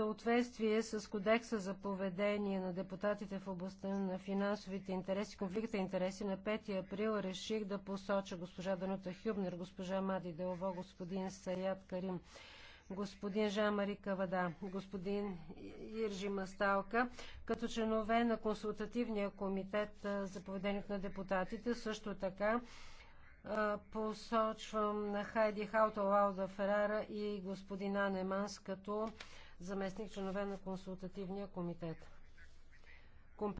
съответствие с Кодекса за поведение на депутатите в областта на финансовите интереси, конфликта интереси, на 5 април реших да посоча госпожа Данута Хюбнер, госпожа Мади Делово, господин Саят Карим, господин Жан-Мари Кавада, господин Иржи Масталка, като членове на консултативния комитет за поведението на депутатите, също така посочвам на Хайди Лауда Ферара и господин Анеманс като заместник членове на консултативния комитет.